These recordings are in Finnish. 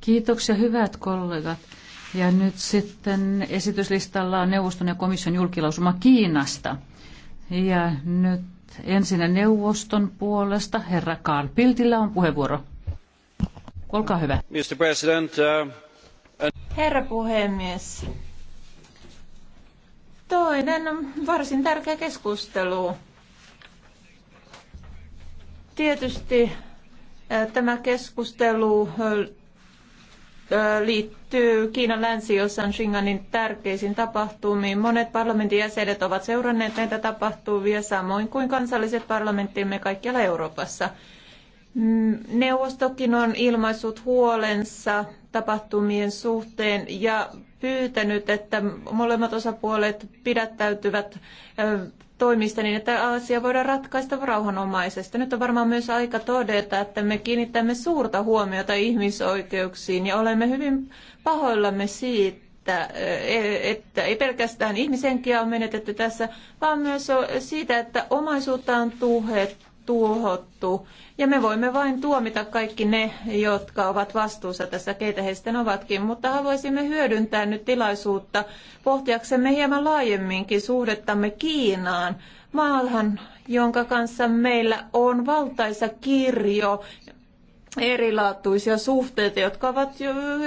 Kiitoksia hyvät kollegat. Ja nyt sitten esityslistalla on neuvoston ja komission julkilausuma Kiinasta. Ja nyt ensin neuvoston puolesta herra Karl Piltillä on puheenvuoro. Olkaa hyvä. Mr. President, uh, and... Herra puhemies, toinen on varsin tärkeä keskustelu. Tietysti Tämä keskustelu liittyy Kiinan länsiosan Shinganin tärkeisiin tapahtumiin. Monet parlamentin jäsenet ovat seuranneet näitä tapahtumia samoin kuin kansalliset parlamenttimme kaikkialla Euroopassa. Mm, neuvostokin on ilmaissut huolensa tapahtumien suhteen ja pyytänyt, että molemmat osapuolet pidättäytyvät toimista niin, että asia voidaan ratkaista rauhanomaisesti. Nyt on varmaan myös aika todeta, että me kiinnittämme suurta huomiota ihmisoikeuksiin ja olemme hyvin pahoillamme siitä, e, että ei pelkästään ihmisenkiä on menetetty tässä, vaan myös siitä, että omaisuutta on tuhettu tuhottu. Ja me voimme vain tuomita kaikki ne, jotka ovat vastuussa tässä, keitä he sitten ovatkin. Mutta haluaisimme hyödyntää nyt tilaisuutta pohtiaksemme hieman laajemminkin suhdettamme Kiinaan, maahan, jonka kanssa meillä on valtaisa kirjo erilaatuisia suhteita, jotka ovat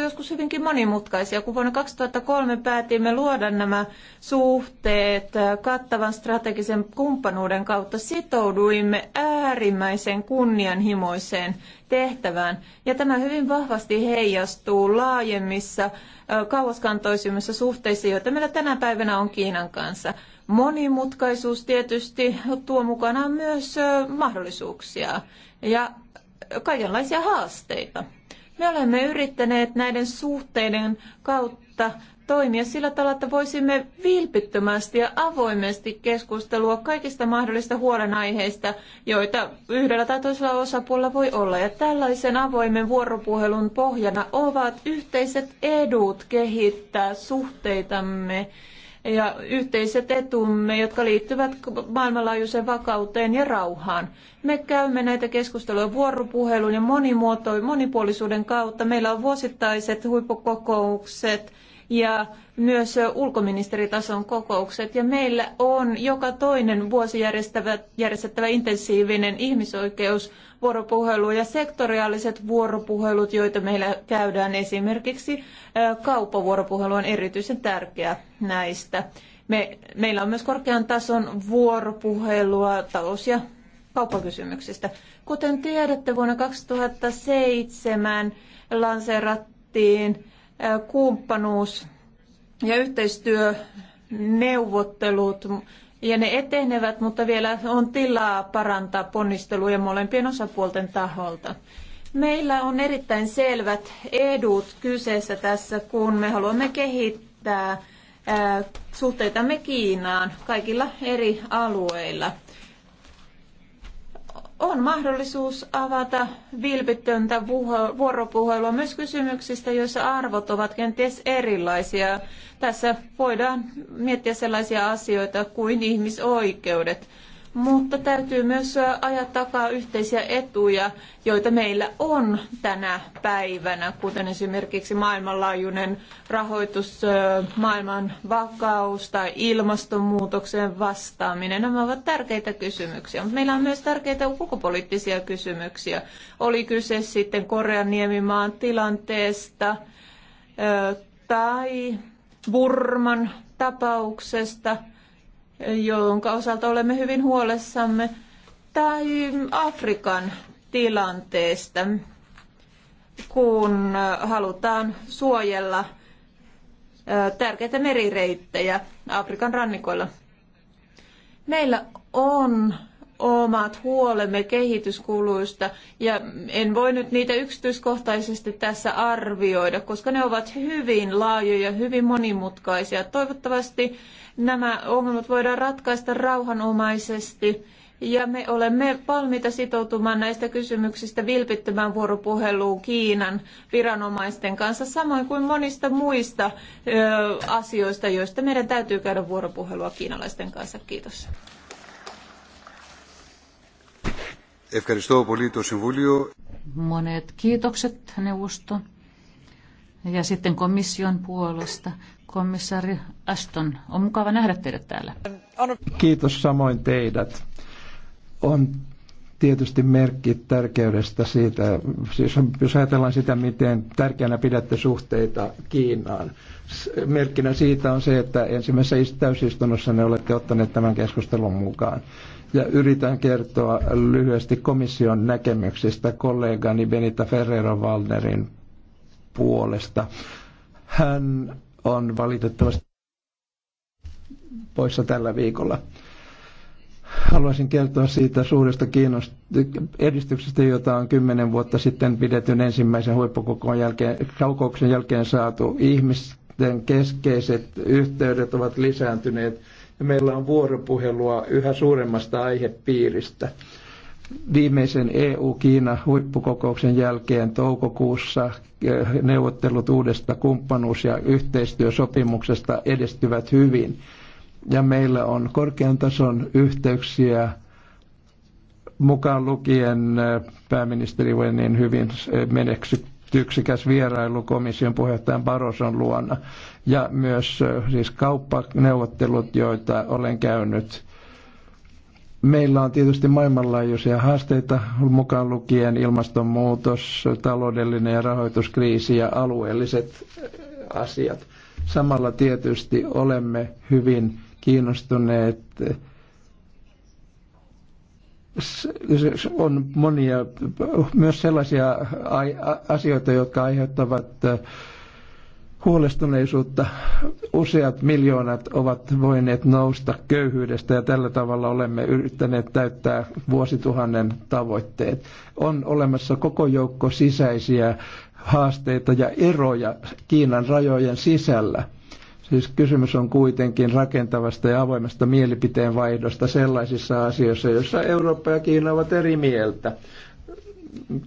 joskus hyvinkin monimutkaisia. Kun vuonna 2003 päätimme luoda nämä suhteet kattavan strategisen kumppanuuden kautta, sitouduimme äärimmäisen kunnianhimoiseen tehtävään. Ja tämä hyvin vahvasti heijastuu laajemmissa, kauaskantoisimmissa suhteissa, joita meillä tänä päivänä on Kiinan kanssa. Monimutkaisuus tietysti tuo mukanaan myös mahdollisuuksia. Ja kaikenlaisia haasteita. Me olemme yrittäneet näiden suhteiden kautta toimia sillä tavalla, että voisimme vilpittömästi ja avoimesti keskustelua kaikista mahdollisista huolenaiheista, joita yhdellä tai toisella osapuolella voi olla. Ja tällaisen avoimen vuoropuhelun pohjana ovat yhteiset edut kehittää suhteitamme ja yhteiset etumme, jotka liittyvät maailmanlaajuiseen vakauteen ja rauhaan. Me käymme näitä keskusteluja vuoropuhelun ja monipuolisuuden kautta. Meillä on vuosittaiset huippukokoukset ja myös ulkoministeritason kokoukset. Ja meillä on joka toinen vuosi järjestettävä intensiivinen ihmisoikeus vuoropuhelu ja sektoriaaliset vuoropuhelut, joita meillä käydään esimerkiksi kauppavuoropuhelu on erityisen tärkeä näistä. Me, meillä on myös korkean tason vuoropuhelua talous- ja kauppakysymyksistä. Kuten tiedätte, vuonna 2007 lanseerattiin kumppanuus- ja yhteistyöneuvottelut ja ne etenevät, mutta vielä on tilaa parantaa ponnisteluja molempien osapuolten taholta. Meillä on erittäin selvät edut kyseessä tässä, kun me haluamme kehittää suhteitamme Kiinaan kaikilla eri alueilla on mahdollisuus avata vilpittöntä vuoropuhelua myös kysymyksistä, joissa arvot ovat kenties erilaisia. Tässä voidaan miettiä sellaisia asioita kuin ihmisoikeudet mutta täytyy myös ajaa takaa yhteisiä etuja, joita meillä on tänä päivänä, kuten esimerkiksi maailmanlaajuinen rahoitus, maailman vakaus tai ilmastonmuutokseen vastaaminen. Nämä ovat tärkeitä kysymyksiä, mutta meillä on myös tärkeitä ulkopoliittisia kysymyksiä. Oli kyse sitten Korean niemimaan tilanteesta tai Burman tapauksesta – jonka osalta olemme hyvin huolessamme, tai Afrikan tilanteesta, kun halutaan suojella tärkeitä merireittejä Afrikan rannikoilla. Meillä on omat huolemme kehityskuluista ja en voi nyt niitä yksityiskohtaisesti tässä arvioida, koska ne ovat hyvin laajoja, hyvin monimutkaisia. Toivottavasti nämä ongelmat voidaan ratkaista rauhanomaisesti ja me olemme valmiita sitoutumaan näistä kysymyksistä vilpittömään vuoropuheluun Kiinan viranomaisten kanssa, samoin kuin monista muista ö, asioista, joista meidän täytyy käydä vuoropuhelua kiinalaisten kanssa. Kiitos. Monet kiitokset neuvosto. Ja sitten komission puolesta komissaari Aston. On mukava nähdä teidät täällä. Kiitos samoin teidät. On tietysti merkki tärkeydestä siitä, siis jos ajatellaan sitä, miten tärkeänä pidätte suhteita Kiinaan. Merkkinä siitä on se, että ensimmäisessä täysistunnossa ne olette ottaneet tämän keskustelun mukaan ja yritän kertoa lyhyesti komission näkemyksistä kollegani Benita Ferrero Valnerin puolesta. Hän on valitettavasti poissa tällä viikolla. Haluaisin kertoa siitä suuresta kiinnost- edistyksestä, jota on kymmenen vuotta sitten pidetyn ensimmäisen huippukokouksen jälkeen, jälkeen saatu. Ihmisten keskeiset yhteydet ovat lisääntyneet meillä on vuoropuhelua yhä suuremmasta aihepiiristä. Viimeisen EU-Kiina-huippukokouksen jälkeen toukokuussa eh, neuvottelut uudesta kumppanuus- ja yhteistyösopimuksesta edistyvät hyvin. Ja meillä on korkean tason yhteyksiä mukaan lukien eh, pääministeri Wenin hyvin eh, yksikäs vierailu komission puheenjohtajan Baroson luona ja myös siis kauppaneuvottelut, joita olen käynyt. Meillä on tietysti maailmanlaajuisia haasteita mukaan lukien ilmastonmuutos, taloudellinen ja rahoituskriisi ja alueelliset asiat. Samalla tietysti olemme hyvin kiinnostuneet on monia myös sellaisia asioita, jotka aiheuttavat äh, huolestuneisuutta. Useat miljoonat ovat voineet nousta köyhyydestä ja tällä tavalla olemme yrittäneet täyttää vuosituhannen tavoitteet. On olemassa koko joukko sisäisiä haasteita ja eroja Kiinan rajojen sisällä – Siis kysymys on kuitenkin rakentavasta ja avoimesta mielipiteen vaihdosta sellaisissa asioissa, joissa Eurooppa ja Kiina ovat eri mieltä.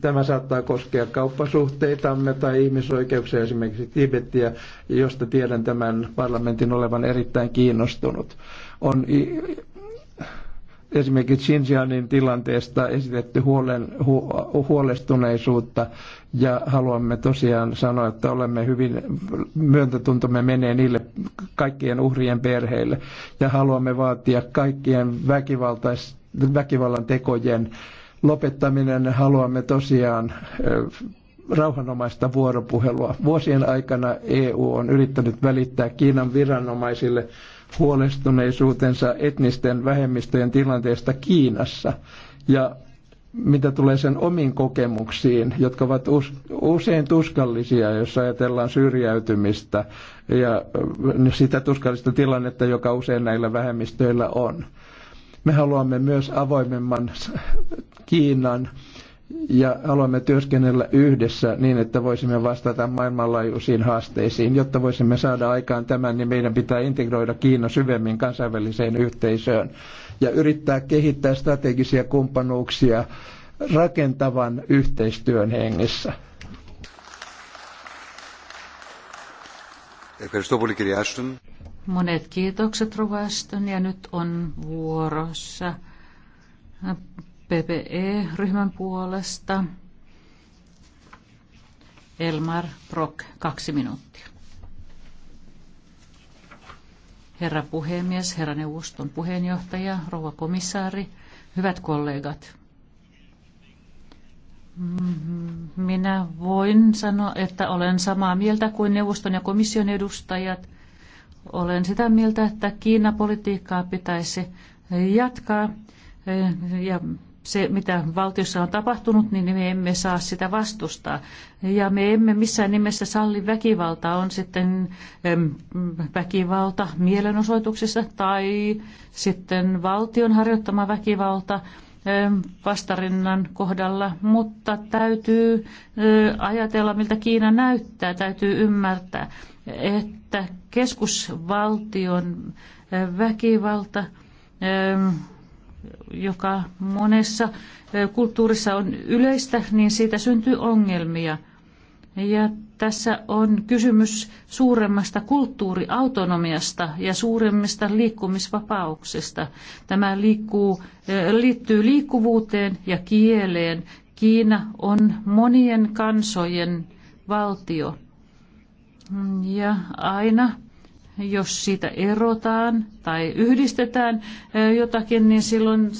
Tämä saattaa koskea kauppasuhteitamme tai ihmisoikeuksia, esimerkiksi Tibettiä, josta tiedän tämän parlamentin olevan erittäin kiinnostunut. On esimerkiksi Xinjiangin tilanteesta esitetty huolen, hu, huolestuneisuutta ja haluamme tosiaan sanoa, että olemme hyvin, myöntätuntomme menee niille kaikkien uhrien perheille ja haluamme vaatia kaikkien väkivaltais, väkivallan tekojen lopettaminen. Haluamme tosiaan rauhanomaista vuoropuhelua. Vuosien aikana EU on yrittänyt välittää Kiinan viranomaisille huolestuneisuutensa etnisten vähemmistöjen tilanteesta Kiinassa. Ja mitä tulee sen omiin kokemuksiin, jotka ovat usein tuskallisia, jos ajatellaan syrjäytymistä ja äh, sitä tuskallista tilannetta, joka usein näillä vähemmistöillä on. Me haluamme myös avoimemman Kiinan ja aloimme työskennellä yhdessä niin, että voisimme vastata maailmanlaajuisiin haasteisiin. Jotta voisimme saada aikaan tämän, niin meidän pitää integroida Kiina syvemmin kansainväliseen yhteisöön ja yrittää kehittää strategisia kumppanuuksia rakentavan yhteistyön hengessä. Monet kiitokset Rova ja nyt on vuorossa PPE-ryhmän puolesta Elmar Brock, kaksi minuuttia. Herra puhemies, herra neuvoston puheenjohtaja, rouva komissaari, hyvät kollegat. Mm-hmm. Minä voin sanoa, että olen samaa mieltä kuin neuvoston ja komission edustajat. Olen sitä mieltä, että Kiinapolitiikkaa pitäisi jatkaa ja se, mitä valtiossa on tapahtunut, niin me emme saa sitä vastustaa. Ja me emme missään nimessä salli väkivaltaa, on sitten väkivalta mielenosoituksissa tai sitten valtion harjoittama väkivalta vastarinnan kohdalla, mutta täytyy ajatella, miltä Kiina näyttää, täytyy ymmärtää, että keskusvaltion väkivalta joka monessa kulttuurissa on yleistä, niin siitä syntyy ongelmia. Ja tässä on kysymys suuremmasta kulttuuriautonomiasta ja suuremmista liikkumisvapauksista. Tämä liikkuu, liittyy liikkuvuuteen ja kieleen. Kiina on monien kansojen valtio. Ja aina jos siitä erotaan tai yhdistetään jotakin, niin silloin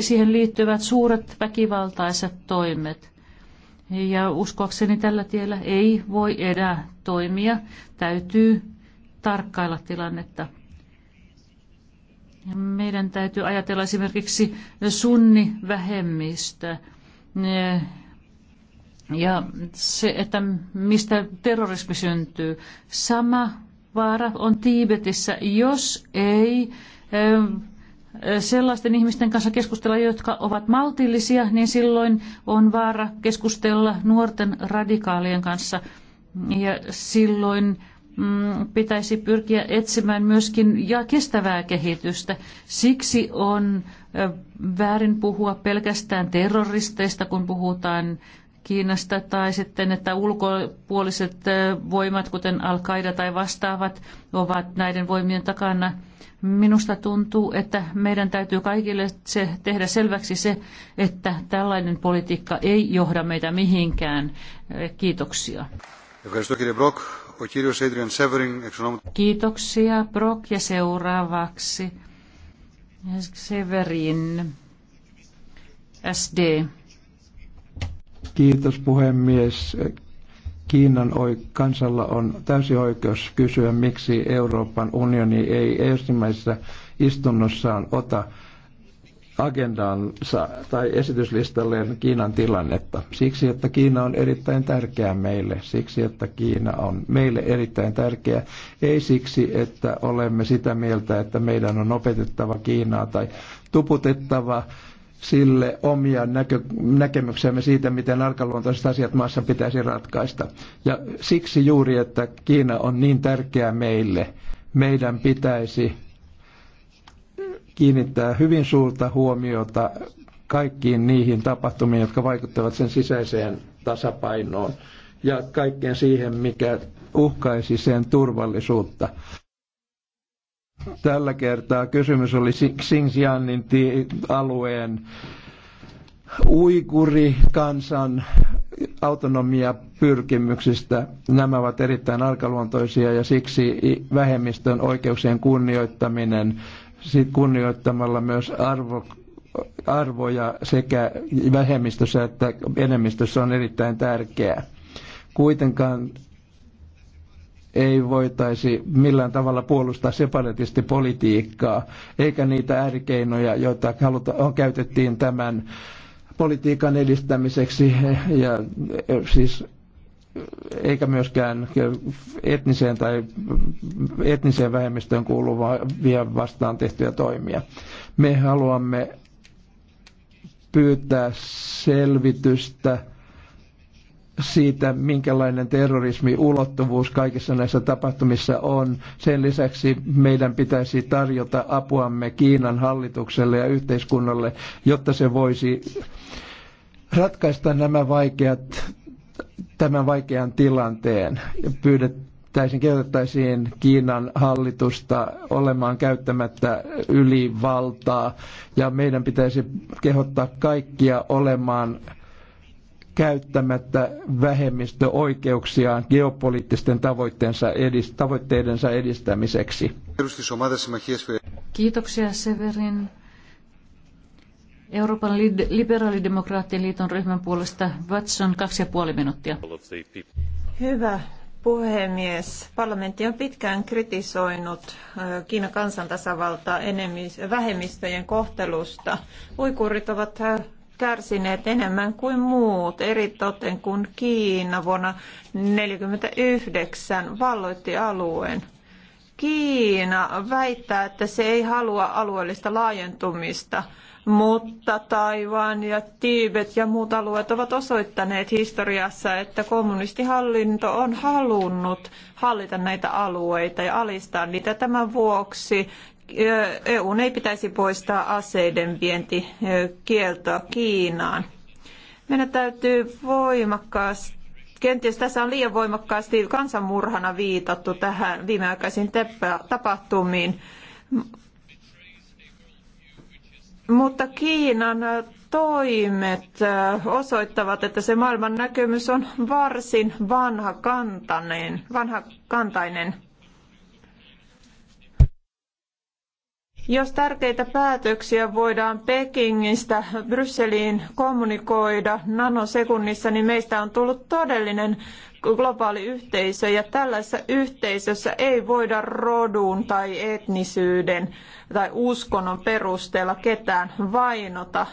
siihen liittyvät suuret väkivaltaiset toimet. Ja uskoakseni tällä tiellä ei voi edä toimia. Täytyy tarkkailla tilannetta. Meidän täytyy ajatella esimerkiksi sunnivähemmistöä. Ja se, että mistä terrorismi syntyy. Sama vaara on Tiibetissä, jos ei ähm, sellaisten ihmisten kanssa keskustella, jotka ovat maltillisia, niin silloin on vaara keskustella nuorten radikaalien kanssa. Ja silloin mm, pitäisi pyrkiä etsimään myöskin ja kestävää kehitystä. Siksi on äh, väärin puhua pelkästään terroristeista, kun puhutaan Kiinasta tai sitten, että ulkopuoliset voimat, kuten Al-Qaida tai vastaavat, ovat näiden voimien takana. Minusta tuntuu, että meidän täytyy kaikille se, tehdä selväksi se, että tällainen politiikka ei johda meitä mihinkään. Kiitoksia. Kiitoksia Brock ja seuraavaksi Severin SD. Kiitos puhemies. Kiinan kansalla on täysi oikeus kysyä, miksi Euroopan unioni ei ensimmäisessä istunnossaan ota agendaansa tai esityslistalleen Kiinan tilannetta. Siksi, että Kiina on erittäin tärkeä meille, siksi, että Kiina on meille erittäin tärkeä, ei siksi, että olemme sitä mieltä, että meidän on opetettava Kiinaa tai tuputettava sille omia näkö, näkemyksiämme siitä, miten arkaluontoiset asiat maassa pitäisi ratkaista. Ja siksi juuri, että Kiina on niin tärkeä meille, meidän pitäisi kiinnittää hyvin suurta huomiota kaikkiin niihin tapahtumiin, jotka vaikuttavat sen sisäiseen tasapainoon ja kaikkeen siihen, mikä uhkaisi sen turvallisuutta. Tällä kertaa kysymys oli Xinjiangin alueen uikurikansan autonomia pyrkimyksistä. Nämä ovat erittäin arkaluontoisia ja siksi vähemmistön oikeuksien kunnioittaminen kunnioittamalla myös arvo, arvoja sekä vähemmistössä että enemmistössä on erittäin tärkeää. Kuitenkaan ei voitaisi millään tavalla puolustaa politiikkaa, eikä niitä äärikeinoja, joita haluta, on, käytettiin tämän politiikan edistämiseksi, ja e, siis eikä myöskään etniseen tai etniseen vähemmistöön kuuluvia vastaan tehtyjä toimia. Me haluamme pyytää selvitystä siitä, minkälainen terrorismi ulottuvuus kaikissa näissä tapahtumissa on. Sen lisäksi meidän pitäisi tarjota apuamme Kiinan hallitukselle ja yhteiskunnalle, jotta se voisi ratkaista nämä vaikeat, tämän vaikean tilanteen. Pyydettäisiin, kehotettaisiin Kiinan hallitusta olemaan käyttämättä ylivaltaa ja meidän pitäisi kehottaa kaikkia olemaan käyttämättä vähemmistöoikeuksiaan geopoliittisten tavoitteensa edist- tavoitteidensa edistämiseksi. Kiitoksia Severin. Euroopan liberaalidemokraattien liiton ryhmän puolesta Watson, kaksi ja puoli minuuttia. Hyvä puhemies. Parlamentti on pitkään kritisoinut Kiinan kansantasavaltaa enemmis- vähemmistöjen kohtelusta. Uikurit ovat kärsineet enemmän kuin muut, eritoten kun Kiina vuonna 1949 valloitti alueen. Kiina väittää, että se ei halua alueellista laajentumista, mutta Taiwan ja Tiibet ja muut alueet ovat osoittaneet historiassa, että kommunistihallinto on halunnut hallita näitä alueita ja alistaa niitä. Tämän vuoksi EU ei pitäisi poistaa aseiden vientikieltoa Kiinaan. Meidän täytyy voimakkaasti kenties tässä on liian voimakkaasti kansanmurhana viitattu tähän viimeaikaisiin tapahtumiin. Mutta Kiinan toimet osoittavat, että se maailman näkemys on varsin vanha vanhakantainen. Jos tärkeitä päätöksiä voidaan Pekingistä Brysseliin kommunikoida nanosekunnissa, niin meistä on tullut todellinen globaali yhteisö ja tällaisessa yhteisössä ei voida rodun tai etnisyyden tai uskonnon perusteella ketään vainota.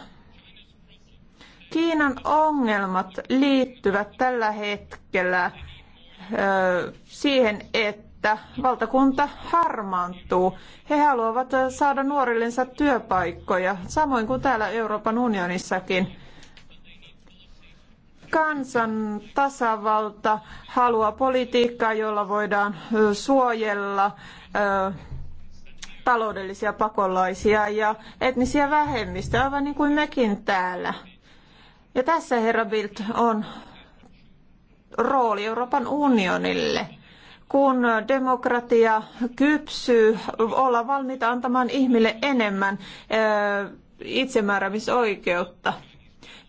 Kiinan ongelmat liittyvät tällä hetkellä siihen, että että valtakunta harmaantuu. He haluavat saada nuorillensa työpaikkoja, samoin kuin täällä Euroopan unionissakin. Kansan tasavalta haluaa politiikkaa, jolla voidaan suojella taloudellisia pakolaisia ja etnisiä vähemmistöjä, aivan niin kuin mekin täällä. Ja tässä herra Bildt on rooli Euroopan unionille kun demokratia kypsyy, olla valmiita antamaan ihmille enemmän eh, itsemääräämisoikeutta.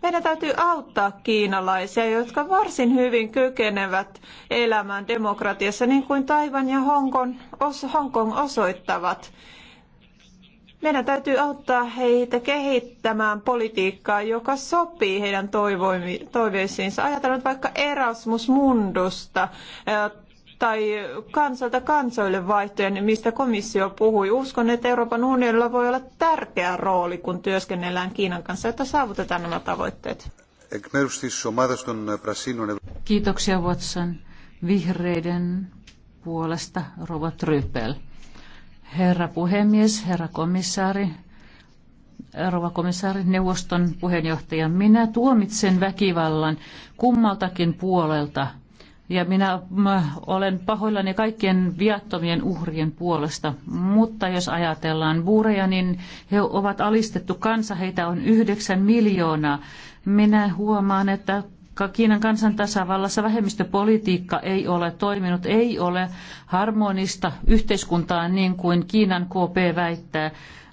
Meidän täytyy auttaa kiinalaisia, jotka varsin hyvin kykenevät elämään demokratiassa, niin kuin Taivan ja Hongkong, Hongkong osoittavat. Meidän täytyy auttaa heitä kehittämään politiikkaa, joka sopii heidän toiveisiinsa. Ajatellaan vaikka Erasmus Mundusta, tai kansalta kansoille vaihtojen, niin mistä komissio puhui. Uskon, että Euroopan unionilla voi olla tärkeä rooli, kun työskennellään Kiinan kanssa, että saavutetaan nämä tavoitteet. Kiitoksia Watson. Vihreiden puolesta Rova Trypel. Herra puhemies, herra komissaari, rouva komissaari, neuvoston puheenjohtaja, minä tuomitsen väkivallan kummaltakin puolelta ja minä olen pahoillani kaikkien viattomien uhrien puolesta. Mutta jos ajatellaan buureja, niin he ovat alistettu kansa, heitä on yhdeksän miljoonaa. Minä huomaan, että Kiinan tasavallassa vähemmistöpolitiikka ei ole toiminut, ei ole harmonista yhteiskuntaa niin kuin Kiinan KP väittää.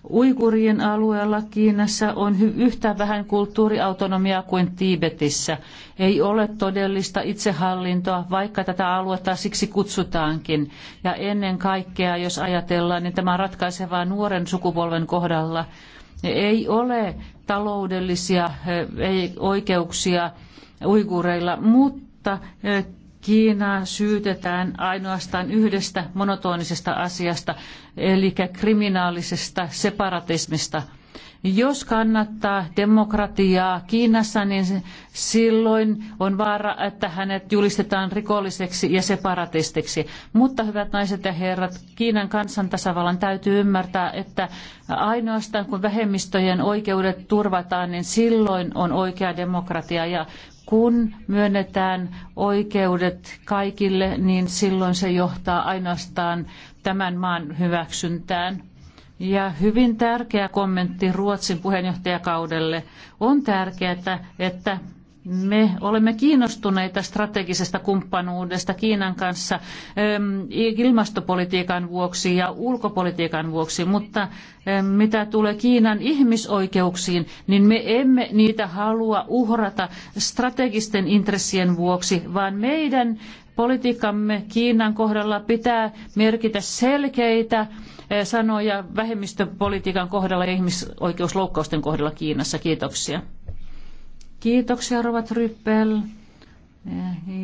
Uigurien alueella Kiinassa on yhtä vähän kulttuuriautonomiaa kuin Tiibetissä. Ei ole todellista itsehallintoa, vaikka tätä aluetta siksi kutsutaankin. Ja ennen kaikkea, jos ajatellaan, niin tämä on ratkaisevaa nuoren sukupolven kohdalla. Ei ole taloudellisia eh, ei oikeuksia uigureilla, mutta eh, Kiinaa syytetään ainoastaan yhdestä monotonisesta asiasta, eli kriminaalisesta separatismista. Jos kannattaa demokratiaa Kiinassa, niin silloin on vaara, että hänet julistetaan rikolliseksi ja separatistiksi. Mutta hyvät naiset ja herrat, Kiinan kansantasavallan täytyy ymmärtää, että ainoastaan kun vähemmistöjen oikeudet turvataan, niin silloin on oikea demokratia. Ja kun myönnetään oikeudet kaikille, niin silloin se johtaa ainoastaan tämän maan hyväksyntään. Ja hyvin tärkeä kommentti Ruotsin puheenjohtajakaudelle. On tärkeää, että me olemme kiinnostuneita strategisesta kumppanuudesta Kiinan kanssa ilmastopolitiikan vuoksi ja ulkopolitiikan vuoksi, mutta mitä tulee Kiinan ihmisoikeuksiin, niin me emme niitä halua uhrata strategisten intressien vuoksi, vaan meidän politiikkamme Kiinan kohdalla pitää merkitä selkeitä eh, sanoja vähemmistöpolitiikan kohdalla ja ihmisoikeusloukkausten kohdalla Kiinassa. Kiitoksia. Kiitoksia, Rovat Ryppel.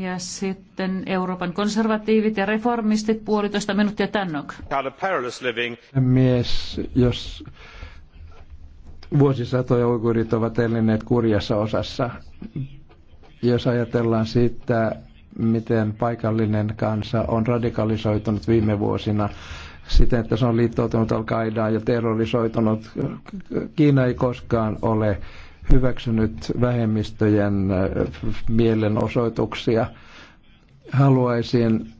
Ja sitten Euroopan konservatiivit ja reformistit puolitoista minuuttia Tannok. Mies, jos vuosisatoja uigurit ovat elineet kurjassa osassa, jos ajatellaan siitä, miten paikallinen kansa on radikalisoitunut viime vuosina siten, että se on liittoutunut al ja terrorisoitunut. Kiina ei koskaan ole hyväksynyt vähemmistöjen äh, mielenosoituksia. Haluaisin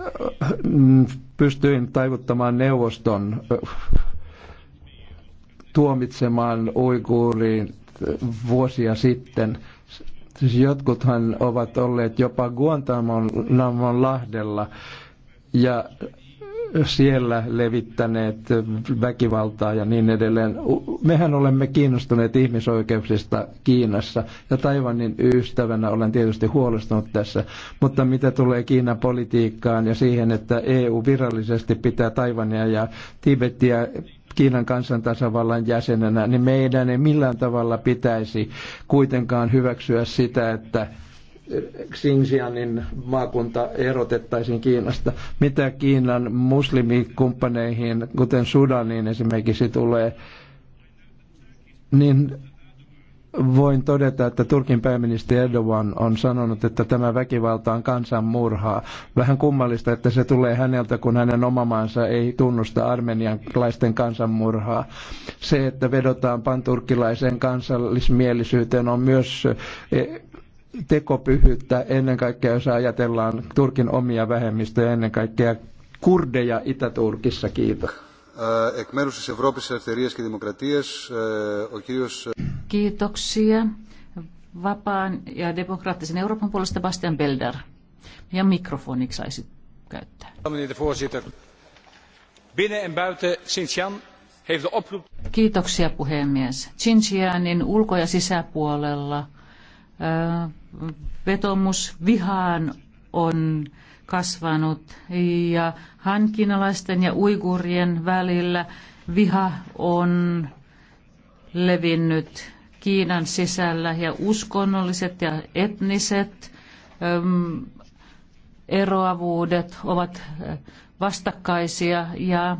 äh, pystyin taivuttamaan neuvoston äh, tuomitsemaan uiguuriin vuosia sitten. Siis jotkuthan ovat olleet jopa Guantanamon lahdella ja siellä levittäneet väkivaltaa ja niin edelleen. Mehän olemme kiinnostuneet ihmisoikeuksista Kiinassa ja Taiwanin ystävänä olen tietysti huolestunut tässä, mutta mitä tulee Kiinan politiikkaan ja siihen, että EU virallisesti pitää Taiwania ja Tibetia Kiinan kansantasavallan jäsenenä, niin meidän ei millään tavalla pitäisi kuitenkaan hyväksyä sitä, että Xinjiangin maakunta erotettaisiin Kiinasta. Mitä Kiinan muslimikumppaneihin, kuten Sudaniin esimerkiksi tulee, niin voin todeta, että Turkin pääministeri Erdogan on sanonut, että tämä väkivalta on kansanmurhaa. Vähän kummallista, että se tulee häneltä, kun hänen omamaansa ei tunnusta armenianlaisten kansanmurhaa. Se, että vedotaan panturkkilaiseen kansallismielisyyteen, on myös eh, tekopyhyyttä ennen kaikkea, jos ajatellaan Turkin omia vähemmistöjä, ennen kaikkea kurdeja Itä-Turkissa. Kiitos. Eh, Kiitoksia. Vapaan ja demokraattisen Euroopan puolesta Bastian Belder. Ja mikrofoniksi saisi käyttää. Binnen Kiitoksia puhemies. Xinjiangin ulko- ja sisäpuolella vetomus vihaan on kasvanut ja hankinalaisten ja uigurien välillä viha on levinnyt Kiinan sisällä ja uskonnolliset ja etniset eroavuudet ovat vastakkaisia ja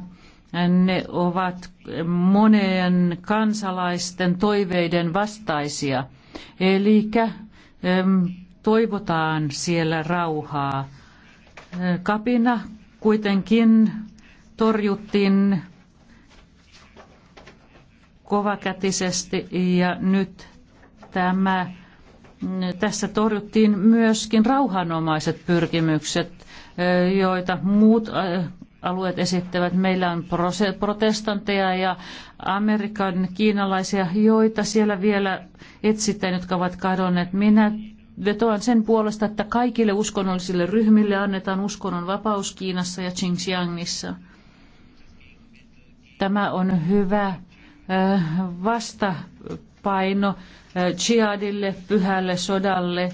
ne ovat monien kansalaisten toiveiden vastaisia – Eli toivotaan siellä rauhaa. Kapina kuitenkin torjuttiin kovakätisesti ja nyt tämä, tässä torjuttiin myöskin rauhanomaiset pyrkimykset, joita muut alueet esittävät. Meillä on protestanteja ja Amerikan kiinalaisia, joita siellä vielä etsitään, jotka ovat kadonneet. Minä vetoan sen puolesta, että kaikille uskonnollisille ryhmille annetaan uskonnon vapaus Kiinassa ja Xinjiangissa. Tämä on hyvä äh, vastapaino jihadille, äh, pyhälle sodalle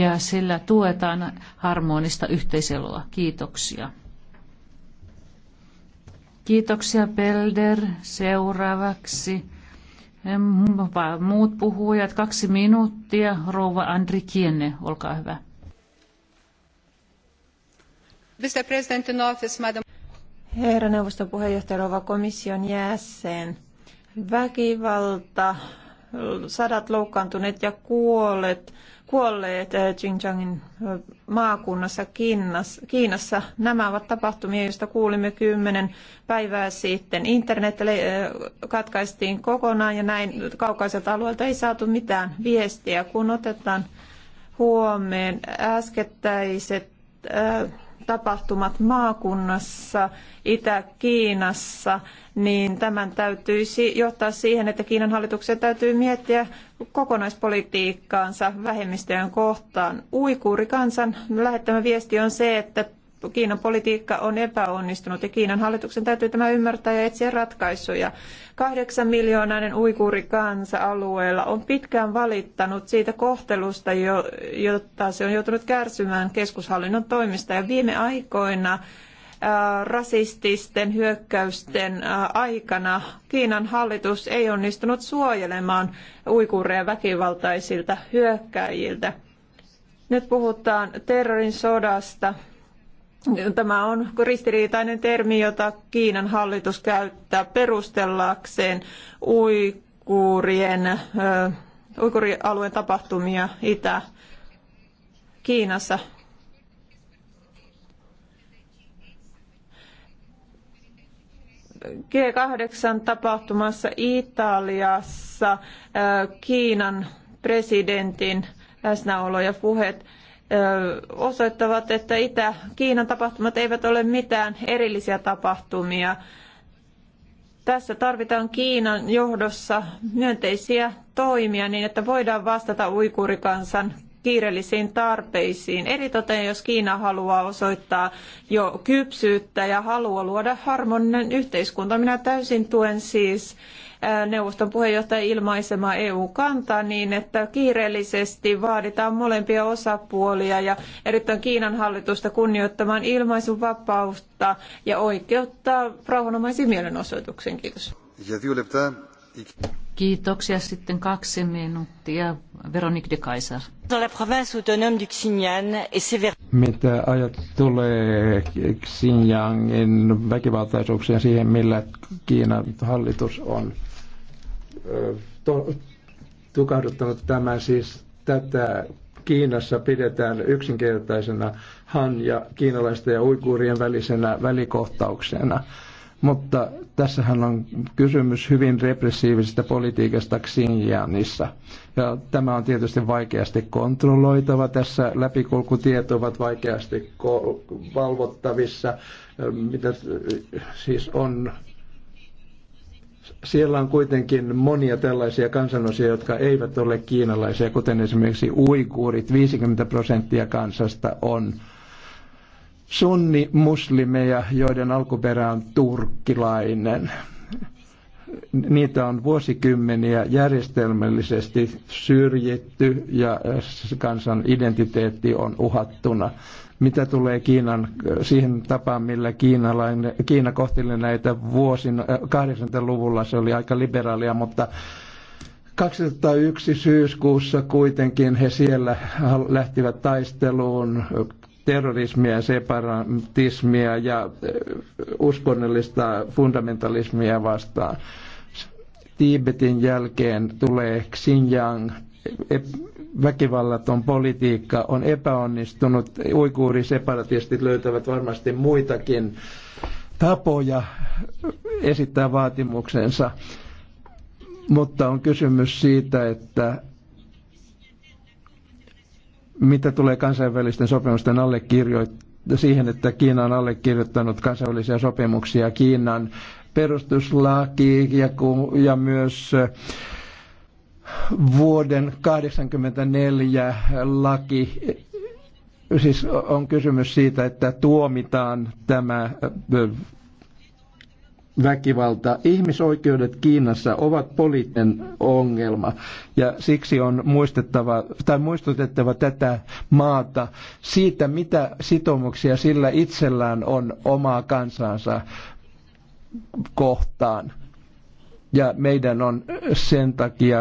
ja sillä tuetaan harmonista yhteiseloa. Kiitoksia. Kiitoksia Pelder. Seuraavaksi muut puhujat. Kaksi minuuttia. Rouva Andri Kienne, olkaa hyvä. office, madam. Herra neuvoston puheenjohtaja, rouva komission jäsen. Väkivalta, sadat loukkaantuneet ja kuolet kuolleet eh, Xinjiangin eh, maakunnassa Kiinassa. Nämä ovat tapahtumia, joista kuulimme kymmenen päivää sitten. Internet eh, katkaistiin kokonaan ja näin kaukaiselta alueelta ei saatu mitään viestiä. Kun otetaan huomioon äskettäiset äh, tapahtumat maakunnassa, Itä-Kiinassa, niin tämän täytyisi johtaa siihen, että Kiinan hallituksen täytyy miettiä kokonaispolitiikkaansa vähemmistöjen kohtaan. Uikuurikansan lähettämä viesti on se, että Kiinan politiikka on epäonnistunut ja Kiinan hallituksen täytyy tämä ymmärtää ja etsiä ratkaisuja. Kahdeksan miljoonainen uikuurikansa alueella on pitkään valittanut siitä kohtelusta, jota se on joutunut kärsimään keskushallinnon toimista. Ja viime aikoina äh, rasististen hyökkäysten äh, aikana Kiinan hallitus ei onnistunut suojelemaan uikuureja väkivaltaisilta hyökkäjiltä. Nyt puhutaan terrorin sodasta Tämä on ristiriitainen termi, jota Kiinan hallitus käyttää perustellakseen uikurien uikurialueen tapahtumia Itä-Kiinassa. G8-tapahtumassa Italiassa Kiinan presidentin läsnäolo ja puheet – osoittavat, että Itä-Kiinan tapahtumat eivät ole mitään erillisiä tapahtumia. Tässä tarvitaan Kiinan johdossa myönteisiä toimia niin, että voidaan vastata uikurikansan kiireellisiin tarpeisiin. Eritoten jos Kiina haluaa osoittaa jo kypsyyttä ja halua luoda harmoninen yhteiskunta, minä täysin tuen siis neuvoston puheenjohtaja ilmaisema EU-kantaa niin, että kiireellisesti vaaditaan molempia osapuolia ja erittäin Kiinan hallitusta kunnioittamaan ilmaisunvapautta ja oikeutta rauhanomaisiin mielenosoituksiin. Kiitos. Kiitoksia. Sitten kaksi minuuttia. Veronique de Kaiser. Mitä ajat tulee Xinjiangin väkivaltaisuuksiin siihen, millä Kiinan hallitus on to, tukahduttanut tämän siis tätä Kiinassa pidetään yksinkertaisena han ja kiinalaisten ja uikuurien välisenä välikohtauksena. Mutta tässähän on kysymys hyvin repressiivisestä politiikasta Xinjiangissa. Ja tämä on tietysti vaikeasti kontrolloitava. Tässä läpikulkutieto ovat vaikeasti valvottavissa. Mitä siis on siellä on kuitenkin monia tällaisia kansanosia, jotka eivät ole kiinalaisia, kuten esimerkiksi uiguurit, 50 prosenttia kansasta on sunni-muslimeja, joiden alkuperä on turkkilainen niitä on vuosikymmeniä järjestelmällisesti syrjitty ja kansan identiteetti on uhattuna. Mitä tulee Kiinan, siihen tapaan, millä Kiinalainen, Kiina kohteli näitä vuosina, äh, 80-luvulla se oli aika liberaalia, mutta 2001 syyskuussa kuitenkin he siellä lähtivät taisteluun terrorismia, separatismia ja äh, uskonnollista fundamentalismia vastaan. Tiibetin jälkeen tulee Xinjiang, e, väkivallaton politiikka on epäonnistunut. separatistit löytävät varmasti muitakin tapoja esittää vaatimuksensa, mutta on kysymys siitä, että mitä tulee kansainvälisten sopimusten allekirjoittamiseen, siihen, että Kiina on allekirjoittanut kansainvälisiä sopimuksia Kiinan perustuslaki ja, ja myös äh, vuoden 1984 laki, siis on kysymys siitä, että tuomitaan tämä äh, väkivalta, ihmisoikeudet Kiinassa ovat poliittinen ongelma ja siksi on muistettava tai muistutettava tätä maata siitä, mitä sitoumuksia sillä itsellään on omaa kansansa kohtaan. Ja meidän on sen takia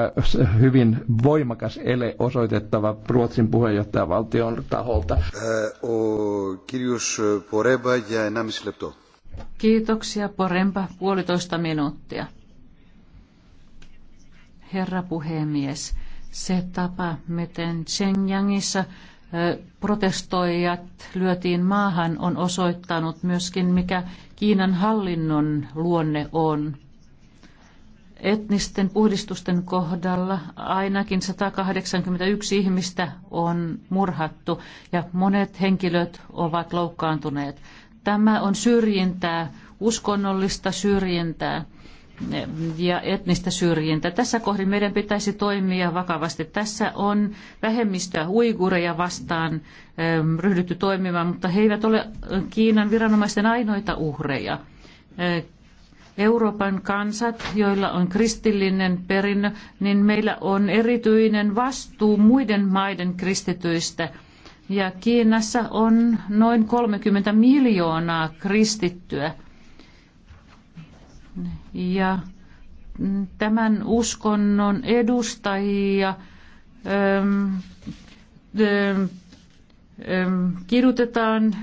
hyvin voimakas ele osoitettava Ruotsin puheenjohtajavaltion taholta. Äh, o, kirjus Poreba ja 1,5 Kiitoksia, Porempa, puolitoista minuuttia. Herra puhemies, se tapa, miten Xinjiangissa protestoijat lyötiin maahan, on osoittanut myöskin, mikä Kiinan hallinnon luonne on. Etnisten puhdistusten kohdalla ainakin 181 ihmistä on murhattu ja monet henkilöt ovat loukkaantuneet. Tämä on syrjintää, uskonnollista syrjintää ja etnistä syrjintää. Tässä kohdin meidän pitäisi toimia vakavasti. Tässä on vähemmistöä uigureja vastaan ähm, ryhdytty toimimaan, mutta he eivät ole Kiinan viranomaisten ainoita uhreja. Äh, Euroopan kansat, joilla on kristillinen perinnö, niin meillä on erityinen vastuu muiden maiden kristityistä – ja Kiinassa on noin 30 miljoonaa kristittyä. Ja tämän uskonnon edustajia äm, äm, kidutetaan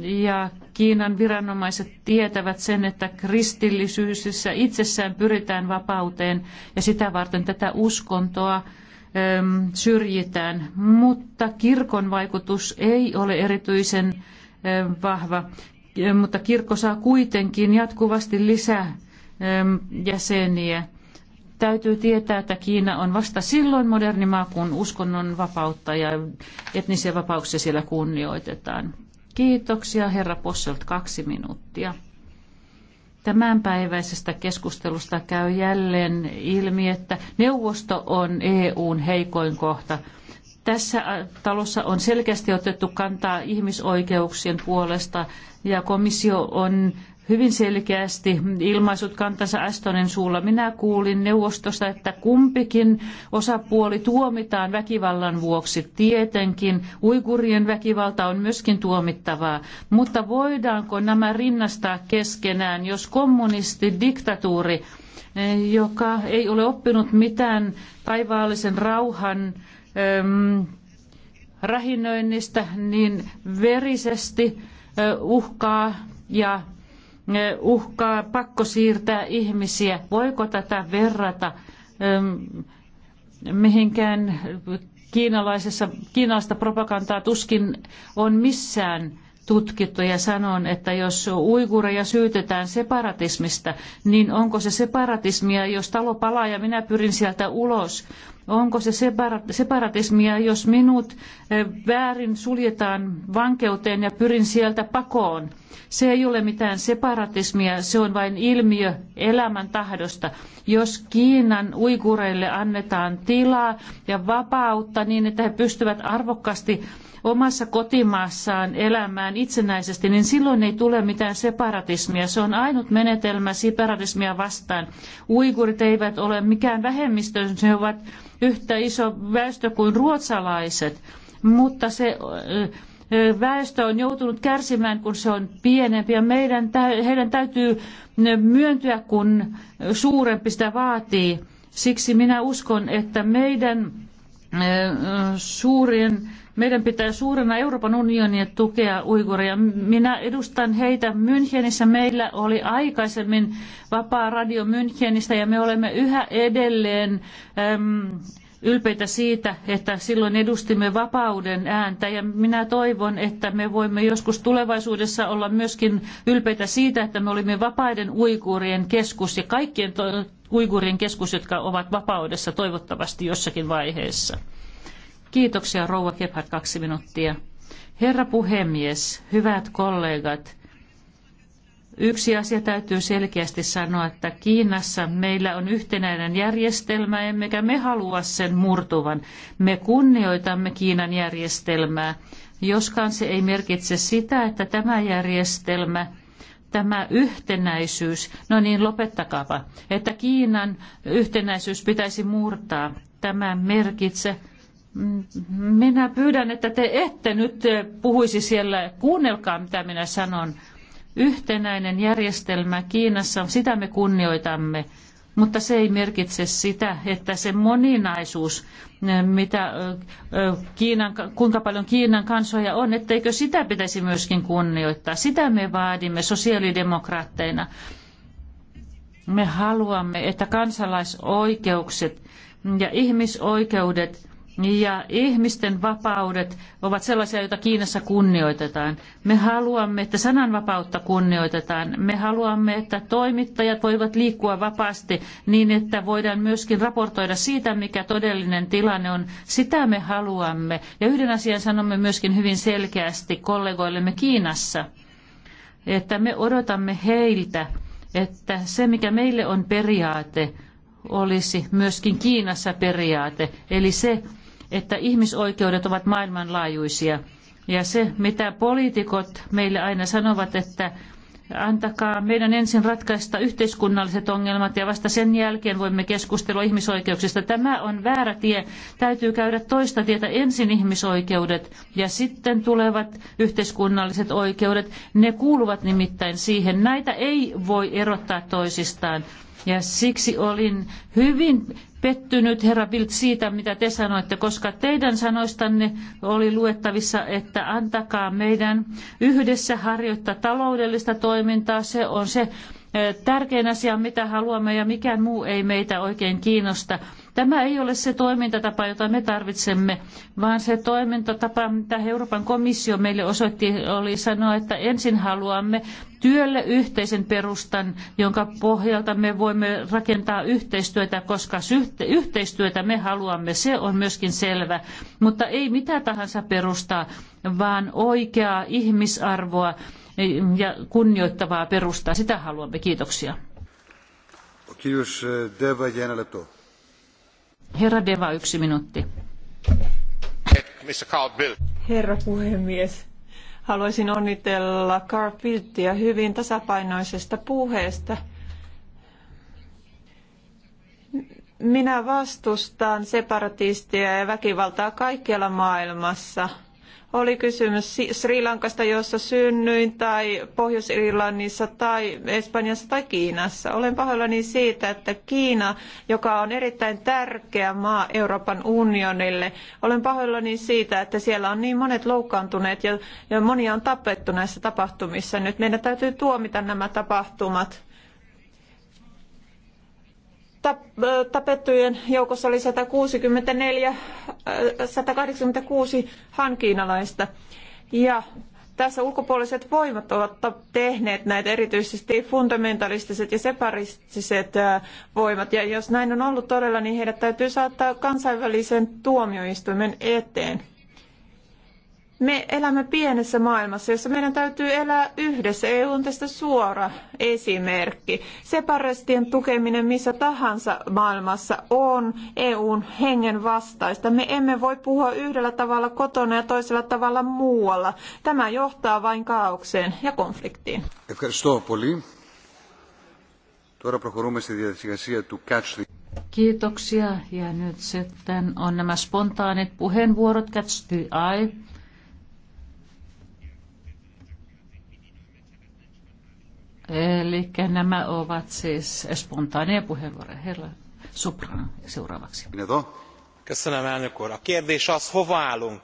ja Kiinan viranomaiset tietävät sen, että kristillisyydessä itsessään pyritään vapauteen ja sitä varten tätä uskontoa syrjitään, mutta kirkon vaikutus ei ole erityisen vahva, mutta kirkko saa kuitenkin jatkuvasti lisää jäseniä. Täytyy tietää, että Kiina on vasta silloin moderni maa, kun uskonnon vapautta ja etnisiä vapauksia siellä kunnioitetaan. Kiitoksia, herra Posselt, kaksi minuuttia. Tämänpäiväisestä keskustelusta käy jälleen ilmi, että neuvosto on EUn heikoin kohta. Tässä talossa on selkeästi otettu kantaa ihmisoikeuksien puolesta ja komissio on hyvin selkeästi ilmaisut kantansa Astonen suulla. Minä kuulin neuvostosta, että kumpikin osapuoli tuomitaan väkivallan vuoksi. Tietenkin uigurien väkivalta on myöskin tuomittavaa, mutta voidaanko nämä rinnastaa keskenään, jos kommunisti diktatuuri, joka ei ole oppinut mitään taivaallisen rauhan ähm, rahinöinnistä, niin verisesti äh, uhkaa ja uhkaa pakko siirtää ihmisiä. Voiko tätä verrata mihinkään kiinalaisessa, kiinalaista propagandaa tuskin on missään tutkittu ja sanon, että jos uiguureja syytetään separatismista, niin onko se separatismia, jos talo palaa ja minä pyrin sieltä ulos? Onko se separatismia, jos minut eh, väärin suljetaan vankeuteen ja pyrin sieltä pakoon? Se ei ole mitään separatismia, se on vain ilmiö elämän tahdosta. Jos Kiinan uigureille annetaan tilaa ja vapautta niin, että he pystyvät arvokkaasti omassa kotimaassaan elämään itsenäisesti, niin silloin ei tule mitään separatismia. Se on ainut menetelmä separatismia vastaan. Uigurit eivät ole mikään vähemmistö, ne ovat yhtä iso väestö kuin ruotsalaiset, mutta se väestö on joutunut kärsimään, kun se on pienempi ja meidän, heidän täytyy myöntyä, kun suurempi sitä vaatii. Siksi minä uskon, että meidän suurien meidän pitää suurena Euroopan unionia tukea uiguria. Minä edustan heitä Münchenissä. Meillä oli aikaisemmin vapaa radio Münchenistä ja me olemme yhä edelleen äm, ylpeitä siitä, että silloin edustimme vapauden ääntä ja minä toivon, että me voimme joskus tulevaisuudessa olla myöskin ylpeitä siitä, että me olimme vapaiden uiguurien keskus ja kaikkien to- uiguurien keskus, jotka ovat vapaudessa toivottavasti jossakin vaiheessa. Kiitoksia rouva Gebhardt kaksi minuuttia. Herra puhemies, hyvät kollegat, Yksi asia täytyy selkeästi sanoa, että Kiinassa meillä on yhtenäinen järjestelmä, emmekä me halua sen murtuvan. Me kunnioitamme Kiinan järjestelmää, joskaan se ei merkitse sitä, että tämä järjestelmä, tämä yhtenäisyys, no niin lopettakaapa, että Kiinan yhtenäisyys pitäisi murtaa. Tämä merkitse minä pyydän, että te ette nyt puhuisi siellä, kuunnelkaa mitä minä sanon. Yhtenäinen järjestelmä Kiinassa, sitä me kunnioitamme, mutta se ei merkitse sitä, että se moninaisuus, mitä Kiinan, kuinka paljon Kiinan kansoja on, etteikö sitä pitäisi myöskin kunnioittaa. Sitä me vaadimme sosiaalidemokraatteina. Me haluamme, että kansalaisoikeukset ja ihmisoikeudet – ja ihmisten vapaudet ovat sellaisia, joita Kiinassa kunnioitetaan. Me haluamme, että sananvapautta kunnioitetaan. Me haluamme, että toimittajat voivat liikkua vapaasti niin, että voidaan myöskin raportoida siitä, mikä todellinen tilanne on. Sitä me haluamme. Ja yhden asian sanomme myöskin hyvin selkeästi kollegoillemme Kiinassa, että me odotamme heiltä, että se, mikä meille on periaate, olisi myöskin Kiinassa periaate, eli se, että ihmisoikeudet ovat maailmanlaajuisia. Ja se, mitä poliitikot meille aina sanovat, että antakaa meidän ensin ratkaista yhteiskunnalliset ongelmat ja vasta sen jälkeen voimme keskustella ihmisoikeuksista. Tämä on väärä tie. Täytyy käydä toista tietä ensin ihmisoikeudet ja sitten tulevat yhteiskunnalliset oikeudet. Ne kuuluvat nimittäin siihen. Näitä ei voi erottaa toisistaan. Ja siksi olin hyvin pettynyt, herra Bildt siitä, mitä te sanoitte, koska teidän sanoistanne oli luettavissa, että antakaa meidän yhdessä harjoittaa taloudellista toimintaa. Se on se eh, tärkein asia, mitä haluamme ja mikään muu ei meitä oikein kiinnosta. Tämä ei ole se toimintatapa, jota me tarvitsemme, vaan se toimintatapa, mitä Euroopan komissio meille osoitti, oli sanoa, että ensin haluamme työlle yhteisen perustan, jonka pohjalta me voimme rakentaa yhteistyötä, koska yhteistyötä me haluamme, se on myöskin selvä. Mutta ei mitä tahansa perustaa, vaan oikeaa ihmisarvoa ja kunnioittavaa perustaa. Sitä haluamme. Kiitoksia. Kiitos, Deva, Herra Deva, yksi minuutti. Herra puhemies, haluaisin onnitella Carl Bildtia hyvin tasapainoisesta puheesta. Minä vastustan separatistia ja väkivaltaa kaikkialla maailmassa – oli kysymys Sri Lankasta, jossa synnyin, tai Pohjois-Irlannissa, tai Espanjassa tai Kiinassa. Olen pahoillani siitä, että Kiina, joka on erittäin tärkeä maa Euroopan unionille, olen pahoillani siitä, että siellä on niin monet loukkaantuneet ja, ja monia on tapettu näissä tapahtumissa. Nyt meidän täytyy tuomita nämä tapahtumat Tapettujen joukossa oli 164, 186 äh, hankiinalaista. Ja tässä ulkopuoliset voimat ovat tehneet näitä, erityisesti fundamentalistiset ja separistiset äh, voimat. Ja jos näin on ollut todella, niin heidät täytyy saattaa kansainvälisen tuomioistuimen eteen. Me elämme pienessä maailmassa, jossa meidän täytyy elää yhdessä. EU on tästä suora esimerkki. Separestien tukeminen missä tahansa maailmassa on EUn hengen vastaista. Me emme voi puhua yhdellä tavalla kotona ja toisella tavalla muualla. Tämä johtaa vain kaaukseen ja konfliktiin. Kiitoksia. Ja nyt sitten on nämä spontaanit puheenvuorot. Catch the eye Eli nämä ovat siis spontaaneja puheenvuoroja. Herra Supran seuraavaksi. Köszönöm, elnök úr. A kérdés az, hova állunk?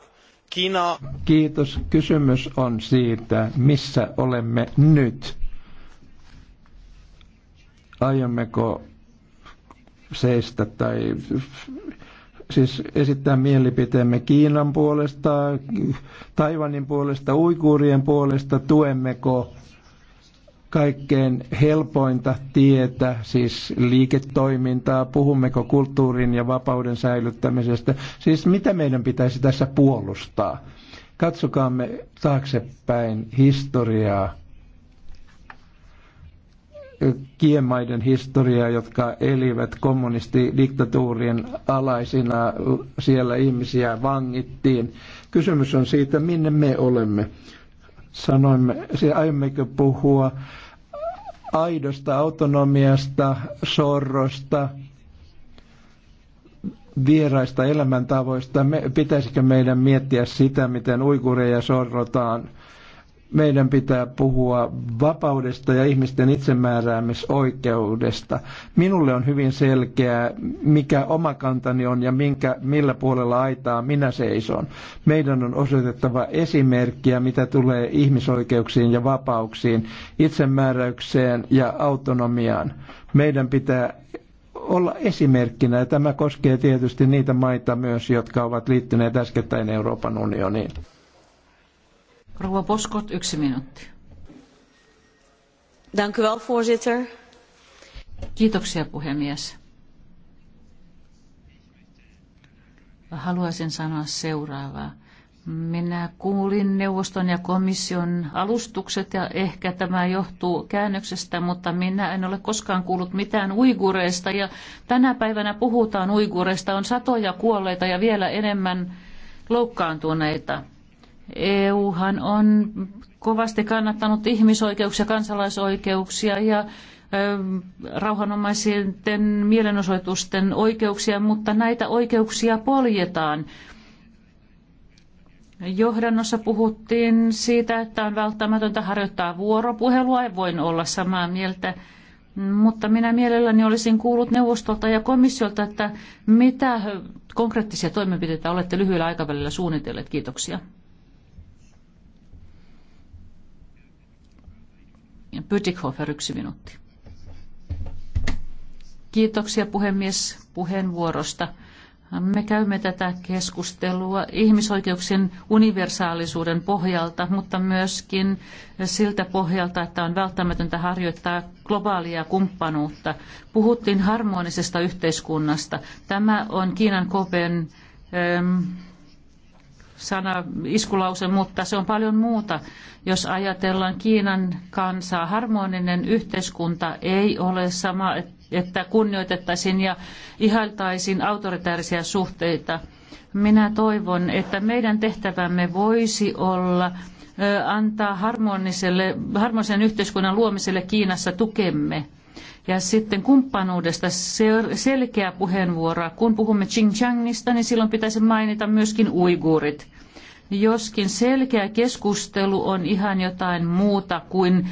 Kiina... Kiitos. Kysymys on siitä, missä olemme nyt. Aiommeko seistä tai siis esittää mielipiteemme Kiinan puolesta, Taivanin puolesta, Uikuurien puolesta, tuemmeko kaikkein helpointa tietä, siis liiketoimintaa, puhummeko kulttuurin ja vapauden säilyttämisestä, siis mitä meidän pitäisi tässä puolustaa. Katsokaamme taaksepäin historiaa, kiemaiden historiaa, jotka elivät kommunistidiktatuurien alaisina, siellä ihmisiä vangittiin. Kysymys on siitä, minne me olemme sanoimme, siis aiommeko puhua aidosta autonomiasta, sorrosta, vieraista elämäntavoista. Me, pitäisikö meidän miettiä sitä, miten uikureja sorrotaan meidän pitää puhua vapaudesta ja ihmisten itsemääräämisoikeudesta. Minulle on hyvin selkeää, mikä oma kantani on ja minkä, millä puolella aitaa minä seison. Meidän on osoitettava esimerkkiä, mitä tulee ihmisoikeuksiin ja vapauksiin, itsemääräykseen ja autonomiaan. Meidän pitää olla esimerkkinä, ja tämä koskee tietysti niitä maita myös, jotka ovat liittyneet äskettäin Euroopan unioniin. Rouva Boskot, yksi minuutti. Dank u wel, voorzitter. Kiitoksia, puhemies. Haluaisin sanoa seuraavaa. Minä kuulin neuvoston ja komission alustukset ja ehkä tämä johtuu käännöksestä, mutta minä en ole koskaan kuullut mitään uigureista. Ja tänä päivänä puhutaan uigureista, on satoja kuolleita ja vielä enemmän loukkaantuneita. EUhan on kovasti kannattanut ihmisoikeuksia, kansalaisoikeuksia ja rauhanomaisten mielenosoitusten oikeuksia, mutta näitä oikeuksia poljetaan. Johdannossa puhuttiin siitä, että on välttämätöntä harjoittaa vuoropuhelua, en voin olla samaa mieltä, mutta minä mielelläni olisin kuullut neuvostolta ja komissiolta, että mitä konkreettisia toimenpiteitä olette lyhyellä aikavälillä suunnitelleet. Kiitoksia. Pytikhofer, yksi minuutti. Kiitoksia puhemies puheenvuorosta. Me käymme tätä keskustelua ihmisoikeuksien universaalisuuden pohjalta, mutta myöskin siltä pohjalta, että on välttämätöntä harjoittaa globaalia kumppanuutta. Puhuttiin harmonisesta yhteiskunnasta. Tämä on Kiinan kopen sana, iskulause, mutta se on paljon muuta. Jos ajatellaan Kiinan kansaa, harmoninen yhteiskunta ei ole sama, että kunnioitettaisiin ja ihailtaisiin autoritaarisia suhteita. Minä toivon, että meidän tehtävämme voisi olla antaa harmoniselle, harmonisen yhteiskunnan luomiselle Kiinassa tukemme. Ja sitten kumppanuudesta selkeä puheenvuoro. Kun puhumme Xinjiangista, niin silloin pitäisi mainita myöskin uiguurit. Joskin selkeä keskustelu on ihan jotain muuta kuin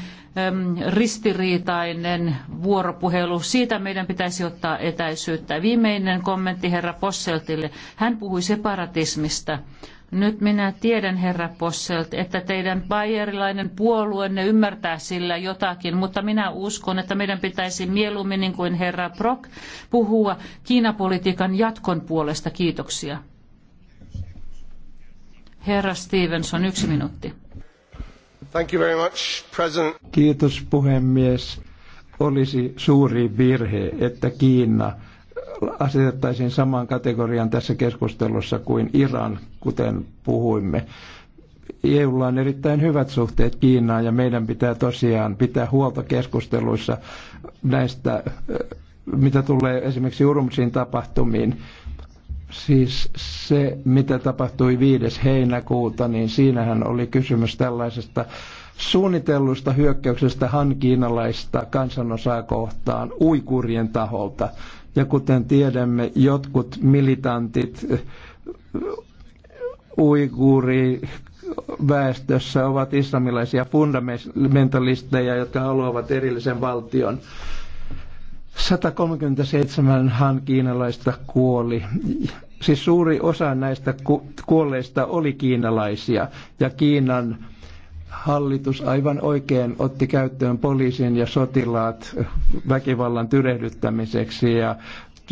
ristiriitainen vuoropuhelu. Siitä meidän pitäisi ottaa etäisyyttä. Viimeinen kommentti herra Posseltille. Hän puhui separatismista. Nyt minä tiedän, herra Posselt, että teidän bayerilainen puolueenne ymmärtää sillä jotakin, mutta minä uskon, että meidän pitäisi mieluummin, niin kuin herra Brock, puhua Kiinapolitiikan jatkon puolesta. Kiitoksia. Herra Stevenson, yksi minuutti. Thank you very much, President. Kiitos puhemies. Olisi suuri virhe, että Kiina – asetettaisiin samaan kategoriaan tässä keskustelussa kuin Iran, kuten puhuimme. EUlla on erittäin hyvät suhteet Kiinaan ja meidän pitää tosiaan pitää huolta keskusteluissa näistä, mitä tulee esimerkiksi Urumsiin tapahtumiin. Siis se, mitä tapahtui 5. heinäkuuta, niin siinähän oli kysymys tällaisesta suunnitellusta hyökkäyksestä hankiinalaista kansanosaa kohtaan uikurien taholta. Ja kuten tiedämme, jotkut militantit eh, uiguri väestössä ovat islamilaisia fundamentalisteja, jotka haluavat erillisen valtion. 137han kiinalaista kuoli. Siis suuri osa näistä kuolleista oli kiinalaisia ja Kiinan hallitus aivan oikein otti käyttöön poliisin ja sotilaat väkivallan tyrehdyttämiseksi ja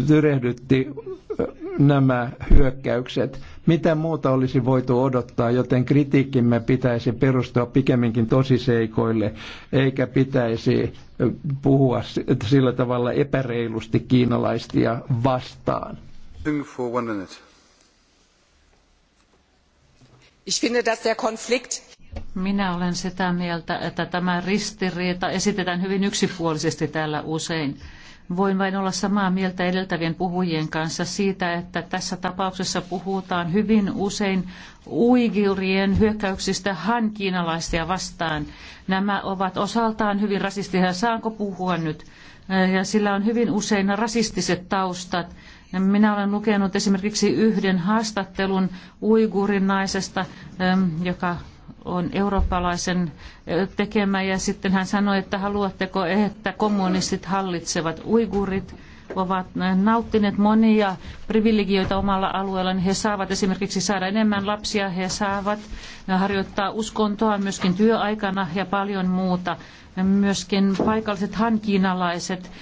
tyrehdytti nämä hyökkäykset. Mitä muuta olisi voitu odottaa, joten kritiikkimme pitäisi perustua pikemminkin tosiseikoille, eikä pitäisi puhua sillä tavalla epäreilusti kiinalaistia vastaan. Ich finde, dass der Konflikt minä olen sitä mieltä, että tämä ristiriita esitetään hyvin yksipuolisesti täällä usein. Voin vain olla samaa mieltä edeltävien puhujien kanssa siitä, että tässä tapauksessa puhutaan hyvin usein uigurien hyökkäyksistä han kiinalaisia vastaan. Nämä ovat osaltaan hyvin rasistisia. Saanko puhua nyt? Ja sillä on hyvin usein rasistiset taustat. Minä olen lukenut esimerkiksi yhden haastattelun uigurin naisesta, joka on eurooppalaisen tekemä ja sitten hän sanoi, että haluatteko, että kommunistit hallitsevat uigurit ovat nauttineet monia privilegioita omalla alueellaan. He saavat esimerkiksi saada enemmän lapsia, he saavat harjoittaa uskontoa myöskin työaikana ja paljon muuta. Myöskin paikalliset hankiinalaiset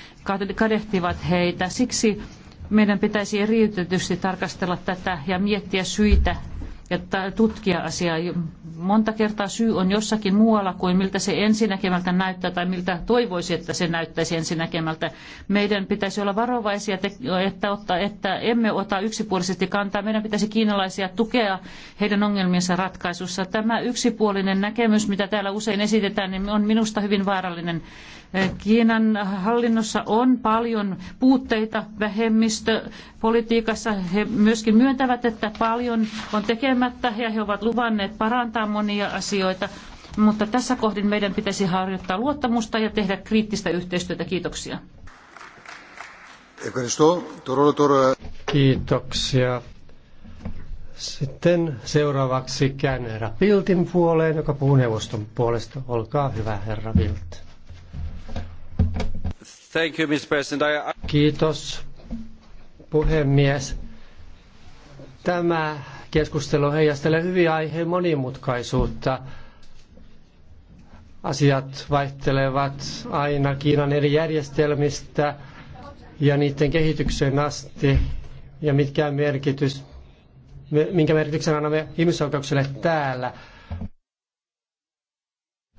kadehtivat heitä. Siksi meidän pitäisi eriytetysti tarkastella tätä ja miettiä syitä ja tutkia asiaa. Monta kertaa syy on jossakin muualla kuin miltä se ensinäkemältä näyttää tai miltä toivoisi, että se näyttäisi ensinäkemältä. Meidän pitäisi olla varovaisia, että, otta, että emme ota yksipuolisesti kantaa. Meidän pitäisi kiinalaisia tukea heidän ongelmiensa ratkaisussa. Tämä yksipuolinen näkemys, mitä täällä usein esitetään, niin on minusta hyvin vaarallinen Kiinan hallinnossa on paljon puutteita vähemmistöpolitiikassa. He myöskin myöntävät, että paljon on tekemättä ja he ovat luvanneet parantaa monia asioita. Mutta tässä kohdin meidän pitäisi harjoittaa luottamusta ja tehdä kriittistä yhteistyötä. Kiitoksia. Kiitoksia. Sitten seuraavaksi käyn herra Piltin puoleen, joka puhuu neuvoston puolesta. Olkaa hyvä, herra Vilt. Thank you, Mr. President. I... Kiitos, puhemies. Tämä keskustelu heijastelee hyvin aiheen monimutkaisuutta. Asiat vaihtelevat aina Kiinan eri järjestelmistä ja niiden kehitykseen asti ja mitkä merkitys, minkä merkityksen annamme ihmisoikeuksille täällä.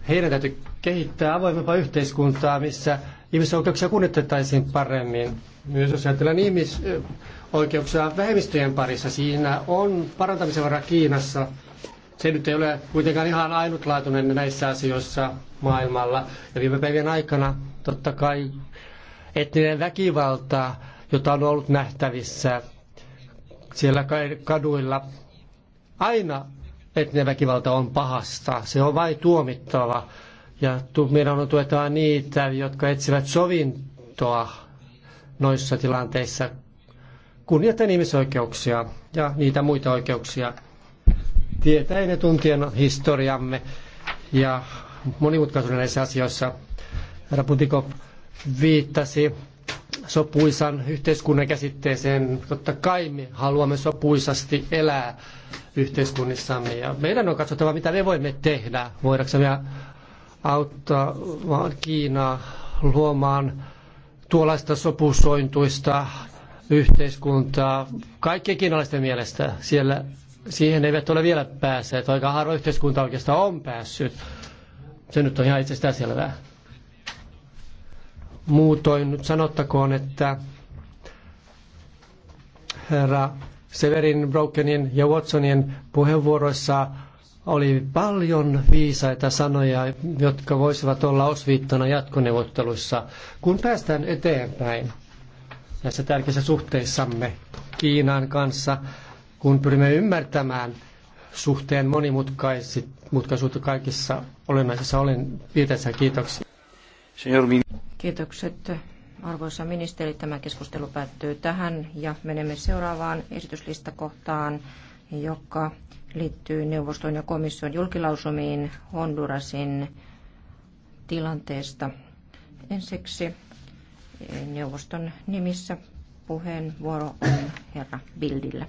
Heidän täytyy kehittää avoimempaa yhteiskuntaa, missä ihmisoikeuksia kunnioitettaisiin paremmin. Myös jos ajatellaan ihmisoikeuksia vähemmistöjen parissa, siinä on parantamisen varaa Kiinassa. Se nyt ei ole kuitenkaan ihan ainutlaatuinen näissä asioissa maailmalla. Ja viime päivien aikana totta kai etninen väkivalta, jota on ollut nähtävissä siellä kaduilla, aina etninen väkivalta on pahasta. Se on vain tuomittava ja meidän tuetaan niitä, jotka etsivät sovintoa noissa tilanteissa kunnioittain ihmisoikeuksia ja niitä muita oikeuksia. Tietäen ja tuntien historiamme ja monimutkaisuuden näissä asioissa. Putikov viittasi sopuisan yhteiskunnan käsitteeseen. Totta kai me haluamme sopuisasti elää yhteiskunnissamme ja meidän on katsottava, mitä me voimme tehdä. Voidaanko me auttaa Kiinaa luomaan tuollaista sopusointuista yhteiskuntaa kaikkien kiinalaisten mielestä. Siellä siihen eivät ole vielä päässeet, aika harva yhteiskunta oikeastaan on päässyt. Se nyt on ihan itsestään selvää. Muutoin nyt sanottakoon, että herra Severin, Brokenin ja Watsonin puheenvuoroissa oli paljon viisaita sanoja, jotka voisivat olla osviittana jatkoneuvotteluissa, kun päästään eteenpäin näissä tärkeissä suhteissamme Kiinan kanssa, kun pyrimme ymmärtämään suhteen monimutkaisuutta kaikissa olennaisissa olen piirteissä. Kiitoksia. Kiitokset arvoisa ministeri. Tämä keskustelu päättyy tähän ja menemme seuraavaan esityslistakohtaan, joka liittyy neuvoston ja komission julkilausumiin Hondurasin tilanteesta. Ensiksi neuvoston nimissä puheenvuoro on herra Bildillä.